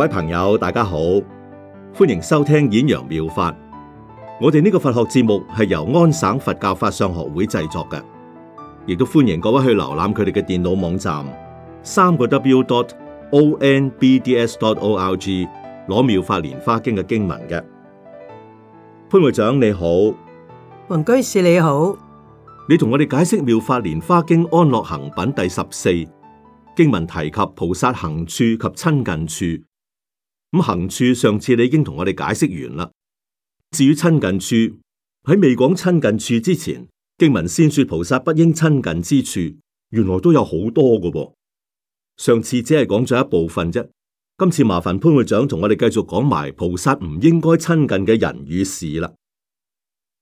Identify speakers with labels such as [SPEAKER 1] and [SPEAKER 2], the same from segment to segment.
[SPEAKER 1] 各位朋友，大家好，歡迎收聽《演揚妙法》。我哋呢個佛學節目係由安省佛教法相學會製作嘅，亦都歡迎各位去瀏覽佢哋嘅電腦網站，三個 W dot O N B D S dot O L G 攞《妙法蓮花經》嘅經文嘅。潘會長你好，云居士你好，你同我哋解釋《妙法蓮花經》安樂行品第十四經文提及菩薩行處及親近處。咁行處上次你已經同我哋解釋完啦。至於親近處，喺未講親近處之前，經文先說菩薩不應親近之處，原來都有好多噶噃。上次只係講咗一部分啫。今次麻煩潘會長同我哋繼續講埋菩薩唔應該親近嘅人與事啦。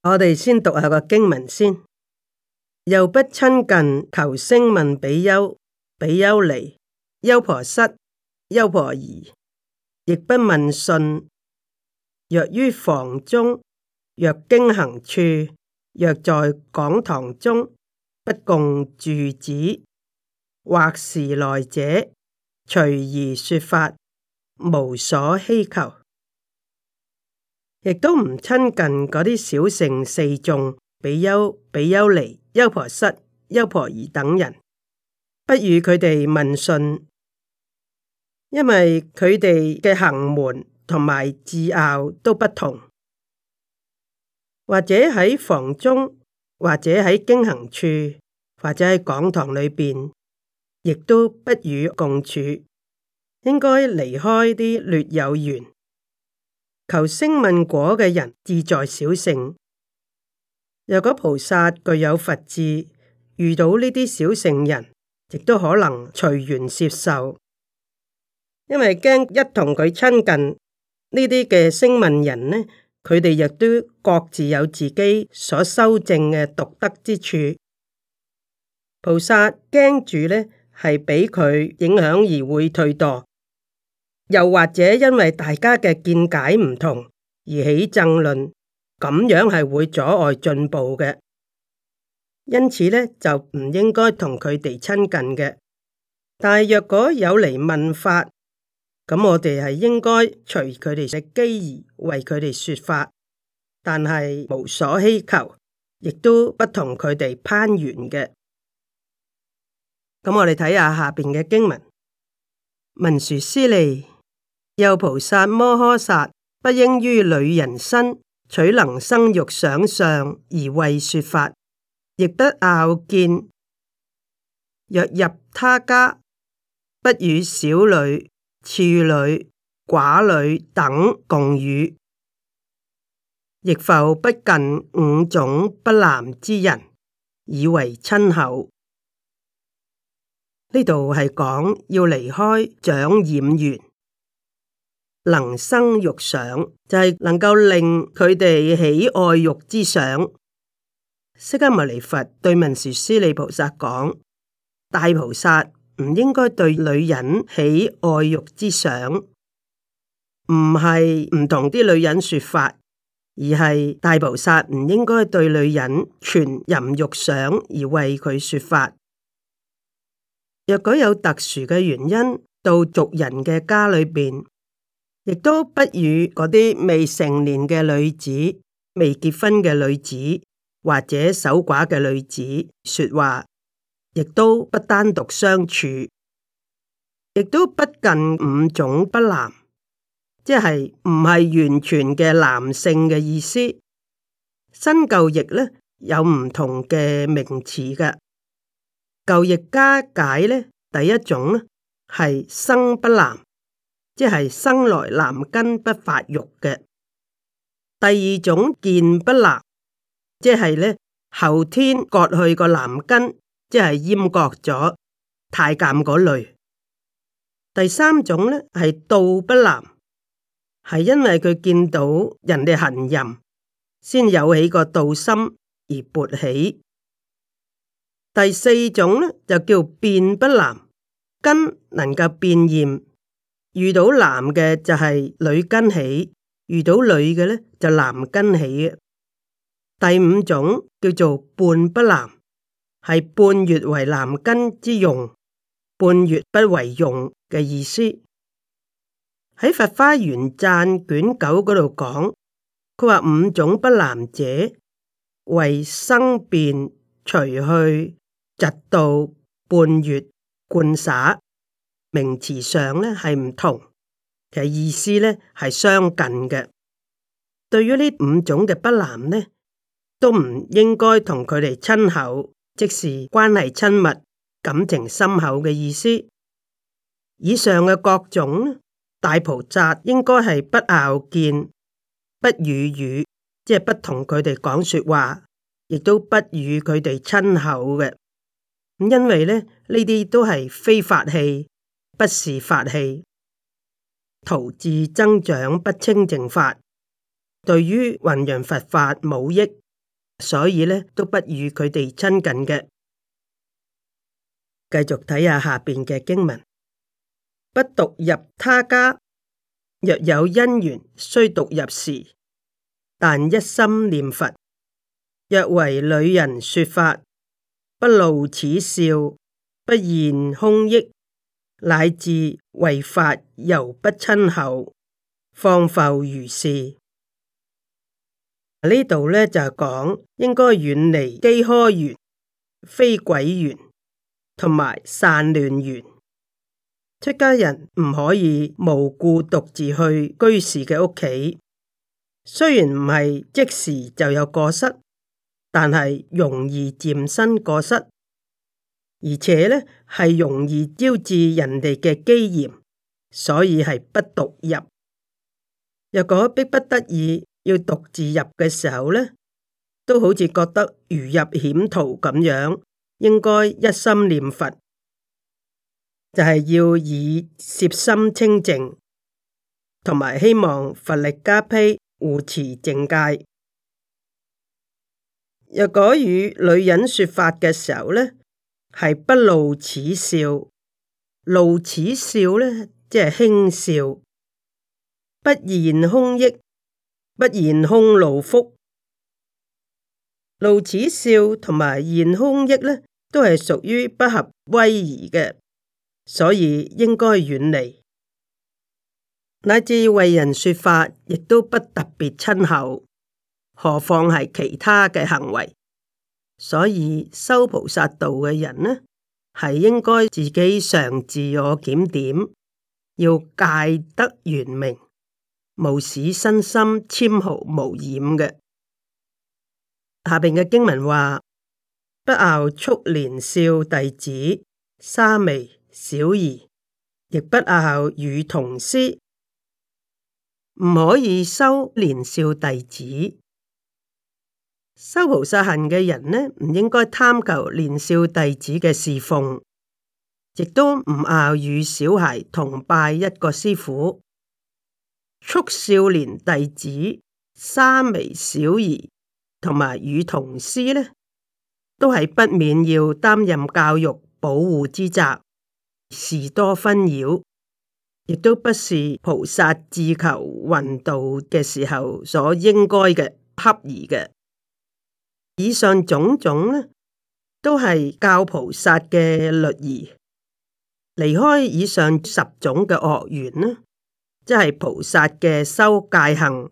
[SPEAKER 2] 我哋先讀下個經文先，又不親近求，求聲聞比丘，比丘尼，優婆塞，優婆夷。亦不問訊，若於房中，若經行處，若在講堂中，不共住止，或時來者，隨而說法，無所希求。亦都唔親近嗰啲小乘四眾，比丘、比丘尼、優婆塞、優婆夷等人，不與佢哋問訊。因為佢哋嘅行門同埋志拗，都不同，或者喺房中，或者喺經行處，或者喺講堂裏邊，亦都不與共處，應該離開啲略有緣求聲聞果嘅人，志在小聖。若果菩薩具有佛智，遇到呢啲小聖人，亦都可能隨緣接受。因為驚一同佢親近呢啲嘅聲聞人呢，佢哋亦都各自有自己所修正嘅獨特之處。菩薩驚住呢，係俾佢影響而會退墮，又或者因為大家嘅見解唔同而起爭論，咁樣係會阻礙進步嘅。因此呢，就唔應該同佢哋親近嘅。但係若果有嚟問法，咁我哋係應該隨佢哋嘅機而為佢哋說法，但係無所希求，亦都不同佢哋攀緣嘅。咁我哋睇下下面嘅經文：文殊師利，又菩薩摩訶薩不應於女人身取能生欲想相而為說法，亦不樂見。若入他家，不與小女。處女、寡女等共語，亦復不近五種不男之人，以為親厚。呢度係講要離開長染緣，能生欲想，就係能夠令佢哋喜愛欲之想。釋迦牟尼佛對文殊師利菩薩講：大菩薩。唔應該對女人起愛欲之想，唔係唔同啲女人說法，而係大菩薩唔應該對女人存淫欲想而為佢說法。若果有特殊嘅原因，到俗人嘅家裏邊，亦都不與嗰啲未成年嘅女子、未結婚嘅女子或者守寡嘅女子說話。亦都不單獨相處，亦都不近五種不男，即係唔係完全嘅男性嘅意思。新舊譯咧有唔同嘅名詞嘅，舊譯家解咧第一種咧係生不男，即係生來男根不發育嘅；第二種犍不男，即係咧後天割去個男根。即係閹割咗太監嗰類。第三種咧係妒不男，係因為佢見到人哋行淫，先有起個妒心而勃起。第四種咧就叫變不男，根能夠變現，遇到男嘅就係女根起，遇到女嘅咧就男根起。第五種叫做半不男。係半月為男根之用，半月不為用嘅意思。喺《佛花園贊卷九》嗰度講，佢話五種不男者為生變除去疾到半月灌灑。名詞上咧係唔同，其實意思咧係相近嘅。對於呢五種嘅不男呢，都唔應該同佢哋親口。即是關係親密、感情深厚嘅意思。以上嘅各種大菩薩應該係不拗見、不與語，即係不同佢哋講說話，亦都不與佢哋親厚嘅。因為呢，呢啲都係非法器，不是法器，徒自增長不清淨法，對於弘揚佛法冇益。所以呢，都不與佢哋親近嘅。繼續睇下下邊嘅經文： 不獨入他家，若有因緣，須獨入時，但一心念佛。若為女人說法，不露齒笑，不言胸臆，乃至為法，猶不親厚。況復餘事。呢度咧就係、是、講應該遠離飢渴緣、非軌緣同埋散亂緣。出家人唔可以無故獨自去居士嘅屋企，雖然唔係即時就有過失，但係容易沾身過失，而且咧係容易招致人哋嘅譏嫌，所以係不獨入。若果逼不得已，要獨自入嘅時候咧，都好似覺得如入險途咁樣，應該一心念佛，就係、是、要以攝心清淨，同埋希望佛力加被護持正戒。若果與女人說法嘅時候咧，係不露齒笑，露齒笑咧即係輕笑，不言空益。不言空勞、福，勞齒笑同埋言空益咧，都係屬於不合威儀嘅，所以應該遠離。乃至為人說法，亦都不特別親厚，何況係其他嘅行為。所以修菩薩道嘅人呢，係應該自己常自我檢點，點，要戒得圓明。無使身心纖毫無染嘅，下邊嘅經文話：不畜年少弟子沙彌小兒，亦不樂與同師。唔可以收年少弟子，修菩薩行嘅人呢，唔應該貪求年少弟子嘅侍奉，亦都唔樂與小孩同拜一個師傅。」促少年弟子、沙彌小兒同埋與童師呢，都係不免要擔任教育保護之責，事多紛擾，亦都不是菩薩自求聞道嘅時候所應該嘅合宜嘅。以上種種呢，都係教菩薩嘅律儀，離開以上十種嘅惡緣呢？即係菩薩嘅修戒行。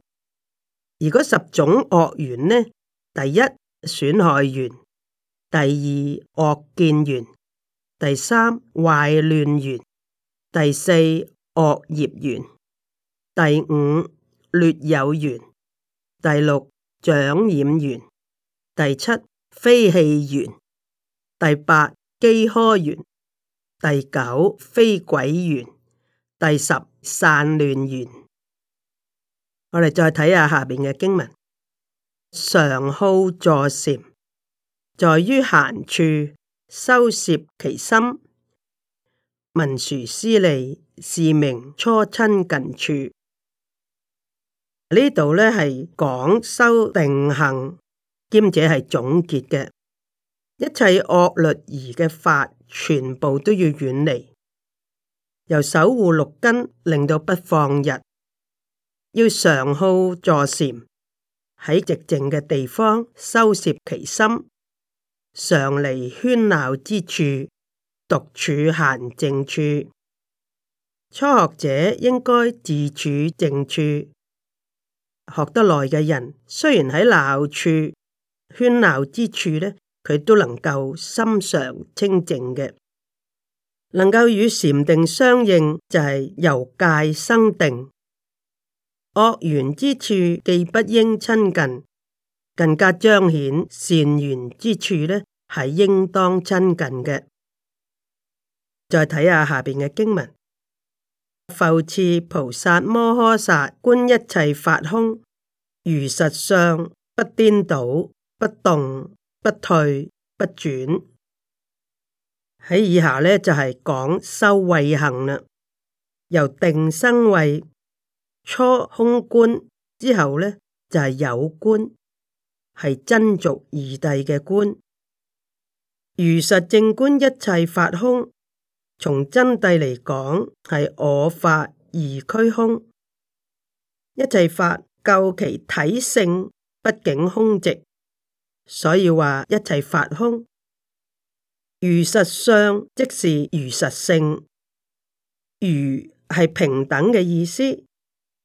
[SPEAKER 2] 如果十種惡緣呢，第一損害緣，第二惡見緣，第三壞亂緣，第四惡業緣，第五劣友緣，第六掌染緣，第七非器緣，第八飢渴緣，第九非鬼緣，第十。散亂緣，我哋再睇下下邊嘅經文。常好坐禪，在於閒處修攝其心，文殊師利，是名初親近處。呢度呢係講修定行，兼者係總結嘅一切惡律儀嘅法，全部都要遠離。由守護六根，令到不放逸，要常好坐禪，喺寂靜嘅地方修攝其心，常離喧鬧之處，獨處閒靜處。初學者應該自處靜處，學得耐嘅人，雖然喺鬧處、喧鬧之處呢，佢都能夠心常清靜嘅。能夠與禪定相應，就係、是、由戒生定。惡緣之處，既不應親近，更加彰顯善緣之處咧，係應當親近嘅。再睇下下面嘅經文：復次菩薩摩訶薩觀一切法空，如實相，不顛倒，不動，不退，不轉。喺以下咧就係、是、講修慧行啦，由定生慧，初空觀之後咧就係、是、有觀，係真俗二諦嘅觀，如實正觀一切法空，從真諦嚟講係我法二俱空，一切法究其體性畢竟空寂，所以話一切法空。如實相即是如實性，如係平等嘅意思，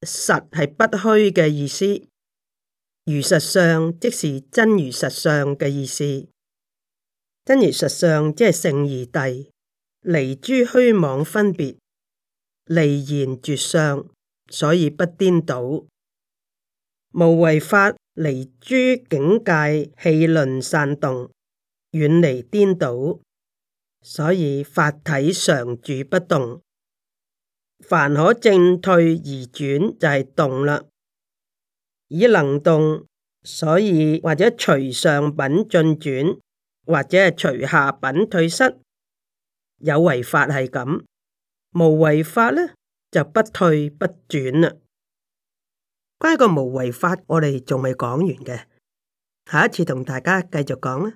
[SPEAKER 2] 實係不虛嘅意思。如實相即是真如實相嘅意思，真如實相即係聖而帝，離諸虛妄分別，離言絕相，所以不顛倒。無為法離諸境界氣論散動，遠離顛倒。所以法體常住不動，凡可正退而轉就係動啦。以能動，所以或者隨上品進轉，或者係隨下品退失。有為法係咁，無為法咧就不退不轉啦。關於個無為法，我哋仲未講完嘅，下一次同大家繼續講啦。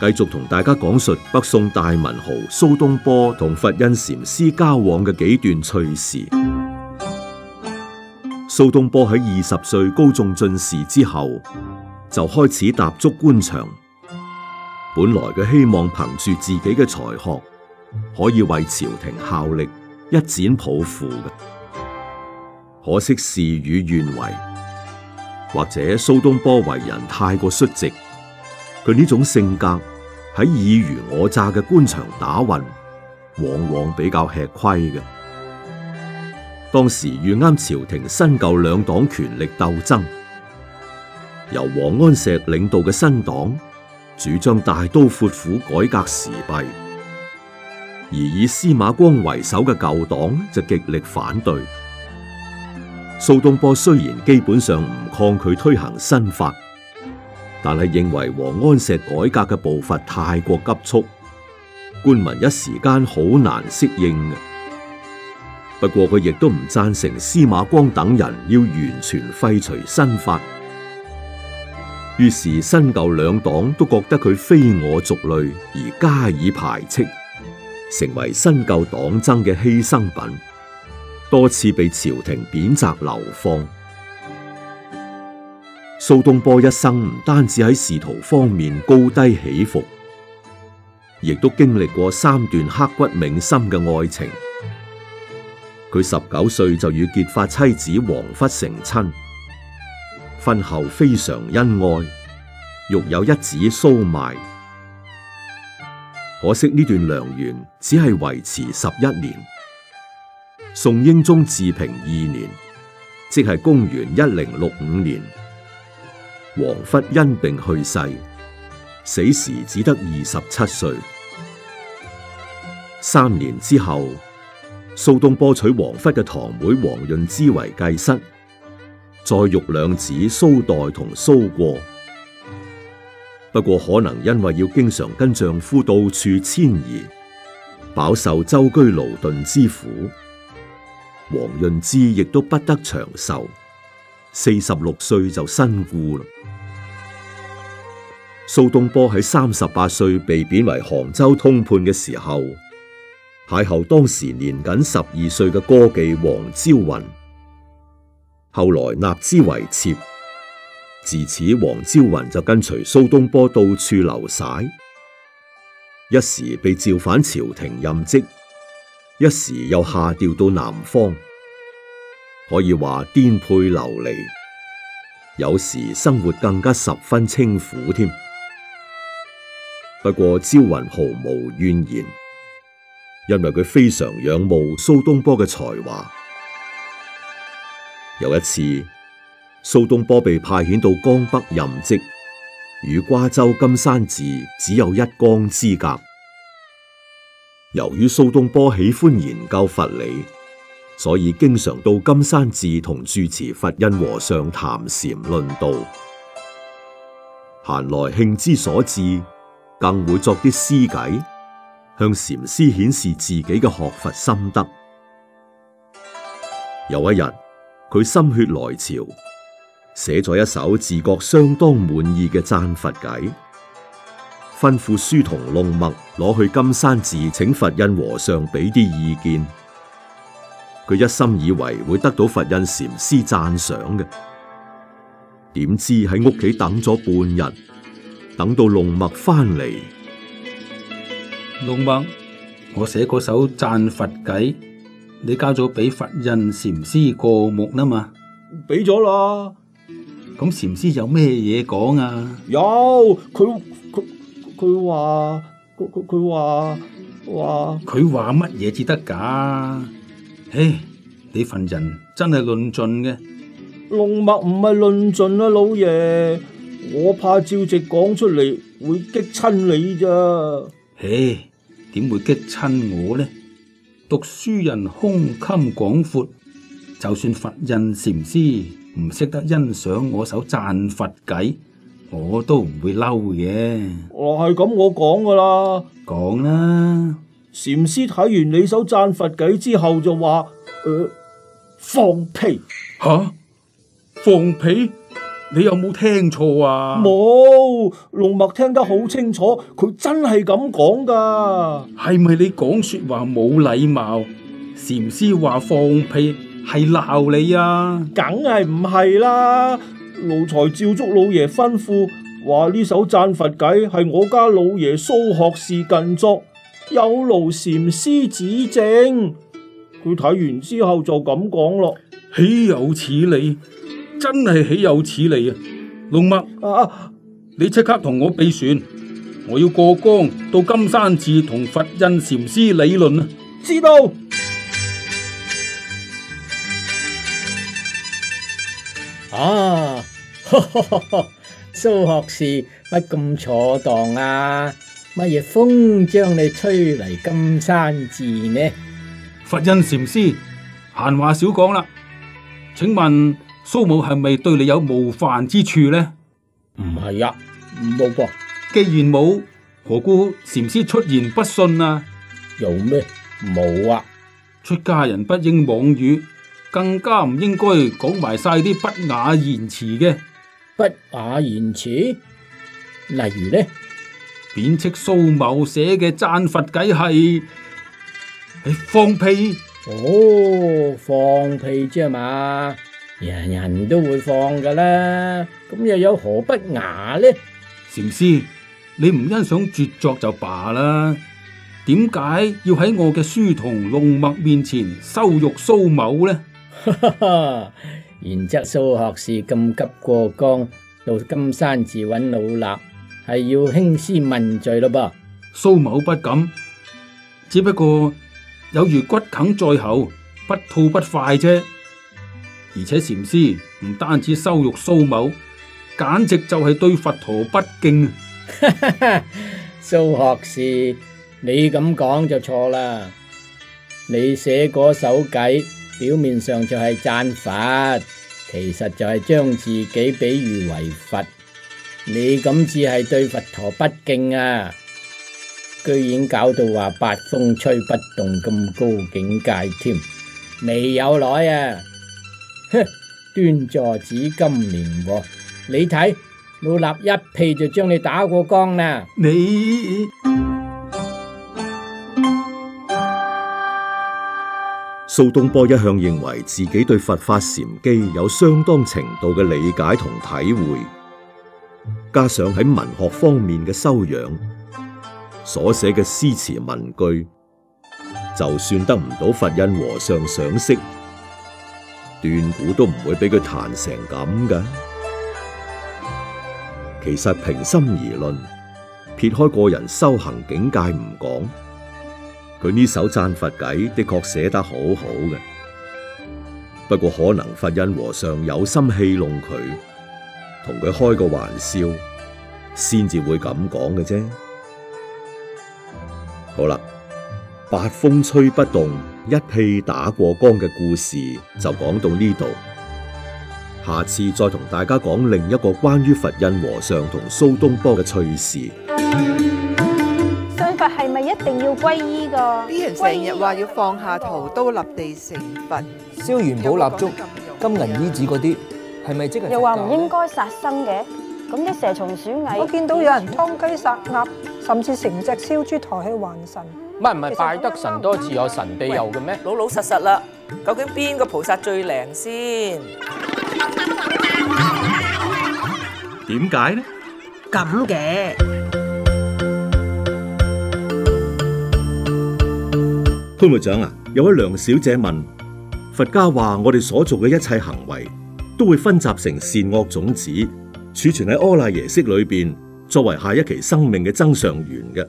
[SPEAKER 1] 繼續同大家講述北宋大文豪蘇東坡同佛印禪師交往嘅幾段趣事。蘇東坡喺二十歲高中進士之後，就開始踏足官場。本來嘅希望憑住自己嘅才學，可以為朝廷效力，一展抱負嘅。可惜事與願違，或者蘇東坡為人太過率直。佢呢種性格喺爾虞我詐嘅官場打混，往往比較吃虧嘅。當時遇啱朝廷新舊兩黨權力鬥爭，由王安石領導嘅新黨主張大刀闊斧改革時弊，而以司馬光為首嘅舊黨就極力反對。蘇東坡雖然基本上唔抗拒推行新法。但係認為王安石改革嘅步伐太過急促，官民一時間好難適應。不過佢亦都唔贊成司馬光等人要完全廢除新法。於是新舊兩黨都覺得佢非我族類，而加以排斥，成為新舊黨爭嘅犧牲品，多次被朝廷貶謫流放。蘇東坡一生唔單止喺仕途方面高低起伏，亦都經歷過三段刻骨銘心嘅愛情。佢十九歲就與結髮妻子王弗成親，婚後非常恩愛，育有一子蘇邁。可惜呢段良緣只係維持十一年。宋英宗治平二年，即係公元一零六五年。王弗因病去世，死時只得二十七歲。三年之後，蘇東坡娶王弗嘅堂妹王潤之為繼室，再育兩子蘇迨同蘇過。不過可能因為要經常跟丈夫到處遷移，飽受舟居勞頓之苦，王潤之亦都不得長壽，四十六歲就身故啦。蘇東坡喺三十八歲被貶為杭州通判嘅時候，邂逅當時年僅十二歲嘅歌妓王昭雲，後來納之為妾。自此，王昭云就跟隨蘇東坡到處流徙，一時被召返朝廷任職，一時又下調到南方，可以話顛沛流離，有時生活更加十分清苦添。不過朝雲毫無怨言，因為佢非常仰慕蘇東坡嘅才華。有一次，蘇東坡被派遣到江北任職，與瓜州金山寺只有一江之隔。由於蘇東坡喜歡研究佛理，所以經常到金山寺同住持佛印和尚談禪論道，閒來興之所至。更會作啲詩偈，向禪師顯示自己嘅學佛心得。有一日，佢心血來潮，寫咗一首自覺相當滿意嘅讚佛偈，吩咐書童弄墨攞去金山寺，請佛印和尚俾啲意見。佢一心以為會得到佛印禪師讚賞嘅，點知喺屋企等咗半日。等到龍墨翻嚟，龍墨，我寫
[SPEAKER 3] 嗰首贊佛偈，你交咗俾佛印禪師過目啦嘛？俾咗啦。咁禪師有咩嘢講啊？
[SPEAKER 1] 有，佢佢佢話佢話話
[SPEAKER 3] 佢話乜嘢至得噶？唉，你份人真係論盡嘅。
[SPEAKER 1] 龍墨唔係論盡啊，老爺。我怕照直講出嚟會激親你咋？
[SPEAKER 3] 唉，點會激親我呢？讀書人胸襟廣闊，就算佛印禪師唔識得欣賞我首讚佛偈，我都唔會嬲嘅。啊、
[SPEAKER 1] 我係咁，我講噶啦，講啦。禪師睇完你首讚佛偈之後就話：誒，放屁吓，放屁。啊？放屁。你有冇聽錯啊？
[SPEAKER 3] 冇，龍墨聽得好清楚，佢真係咁講噶。係咪你講說話冇禮貌？禪師話放屁係鬧你啊？
[SPEAKER 1] 梗係唔係啦，奴才照足老爺吩咐，話呢首讚佛偈係我家老爺蘇學士近作，有勞禪師指正。佢睇完之後就咁講咯。豈有此
[SPEAKER 3] 理！真係豈有此理啊！龍墨，啊啊、你即刻同我備船，我要過江到金山寺同佛印禪師理論
[SPEAKER 1] 啊！知道啊！蘇學士乜咁坐蕩啊？乜嘢風將你吹嚟金山寺呢？
[SPEAKER 3] 佛印禪師，閒話少講
[SPEAKER 1] 啦，請
[SPEAKER 3] 問？蘇某係咪對你有冒犯之處呢？唔係呀，冇噃、啊。既然冇，何故禪師出言不遜啊？有咩？冇啊！出家人不應妄語，更加唔應該講埋晒啲不雅言辭嘅。不雅言辭？例如呢？貶斥蘇某寫嘅讚佛偈係你放屁？
[SPEAKER 1] 哦，放屁啫係嘛？
[SPEAKER 3] 人人都會放㗎啦，咁又有何不雅呢？禪師，你唔欣賞絕作就罷啦，點解要喺我嘅書童弄墨面前羞辱蘇某呢？然 則蘇學士咁急過江到金山寺搵老衲，係要興師問罪咯噃？蘇某不敢，只不過有如骨鯁在喉，不吐不快啫。而且禪師唔單止羞辱蘇某，簡直就係對佛陀不敬。
[SPEAKER 1] 蘇 學士，你咁講就錯啦！你寫嗰首偈，表面上就係讚佛，其實就係將自己比喻為佛。你咁至係對佛陀不敬啊！居然搞到話八風吹不動咁高境界添，未有耐啊！哼！端坐紫金蓮，你睇老衲一屁就將你打過江啦！你蘇東坡一向認為自己對佛法禪機有相當程度嘅理解同體會，加上喺文學方面嘅修養，所寫嘅詩詞文句，就算得唔到佛印和尚賞識。斷估都唔會俾佢彈成咁嘅。其實平心而論，撇開個人修行境界唔講，佢呢首讚佛偈的確寫得好好嘅。不過可能佛印和尚有心戲弄佢，同佢開個玩笑，先至會咁講嘅啫。好啦，八風吹不動。一屁打過江嘅故事就講到呢度，下次再同大家講另一個關於佛印和尚同蘇東坡嘅趣事。
[SPEAKER 2] 信佛係咪一定要皈依噶？啲人成日話要放下屠刀立地成佛，
[SPEAKER 1] 燒元寶蠟燭、金銀衣紙嗰啲，係咪、啊、即係？又話唔應
[SPEAKER 2] 該殺生嘅，咁啲蛇蟲鼠蟻，我見到有人劏雞殺鴨，甚至成隻燒豬抬去還神。
[SPEAKER 1] 唔係唔係，拜得神多自有神庇佑嘅咩？老老實實啦，究竟邊個菩薩最靈先？點解呢？
[SPEAKER 2] 咁嘅
[SPEAKER 1] 潘會長啊，有位梁小姐問：佛家話我哋所做嘅一切行為，都會分集成善惡種子，儲存喺阿賴耶識裏邊，作為下一期生命嘅增上緣嘅。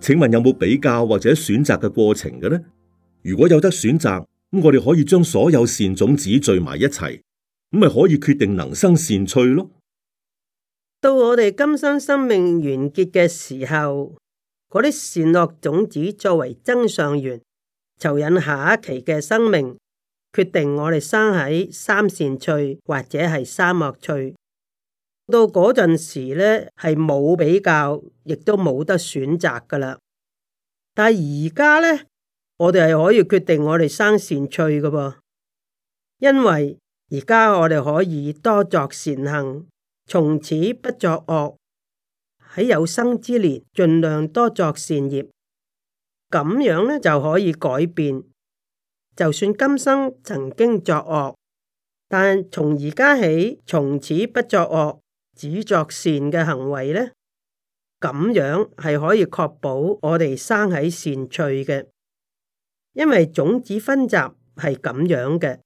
[SPEAKER 1] 請問有冇比較或者選擇嘅過程嘅呢？如果有得選擇，咁我哋可以將所有善種子聚埋一齊，咁咪可以決定能生善趣咯。
[SPEAKER 2] 到我哋今生生命完結嘅時候，嗰啲善惡種子作為增上緣，酬引下一期嘅生命，決定我哋生喺三善趣或者係三惡趣。到嗰陣時呢，係冇比較，亦都冇得選擇噶啦。但係而家呢，我哋係可以決定我哋生善趣噶噃，因為而家我哋可以多作善行，從此不作惡，喺有生之年盡量多作善業，咁樣呢就可以改變。就算今生曾經作惡，但從而家起，從此不作惡。只作善嘅行為呢，咁樣係可以確保我哋生喺善趣嘅，因為種子分集係咁樣嘅，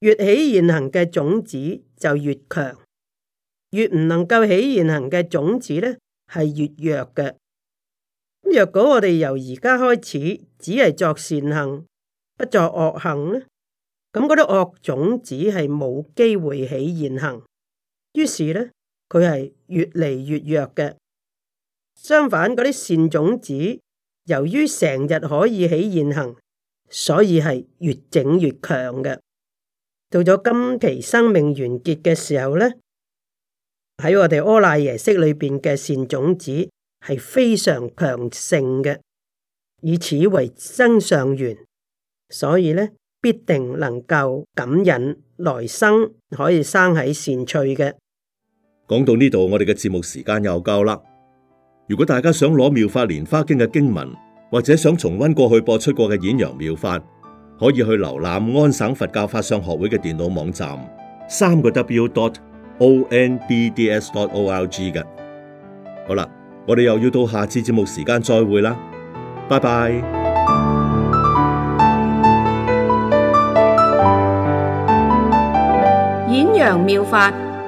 [SPEAKER 2] 越起現行嘅種子就越強，越唔能夠起現行嘅種子呢，係越弱嘅。若果我哋由而家開始只係作善行，不作惡行呢，咁嗰啲惡種子係冇機會起現行。於是咧，佢係越嚟越弱嘅。相反，嗰啲善種子，由於成日可以起現行，所以係越整越強嘅。到咗今期生命完結嘅時候咧，喺我哋阿賴耶識裏邊嘅善種子係非常強盛嘅。以此為增上緣，所以咧必定能夠感引來生可以生喺善趣嘅。
[SPEAKER 1] 講到呢度，我哋嘅節目時間又夠啦。如果大家想攞《妙法蓮花經》嘅經文，或者想重溫過去播出過嘅演揚妙法，可以去瀏覽安省佛教法相學會嘅電腦網站，三個 W dot O N D D S dot O R G 嘅。好啦，我哋又要到下次節目時間再會啦，拜拜。
[SPEAKER 2] 演揚妙法。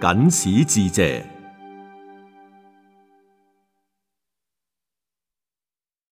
[SPEAKER 1] 僅此致謝。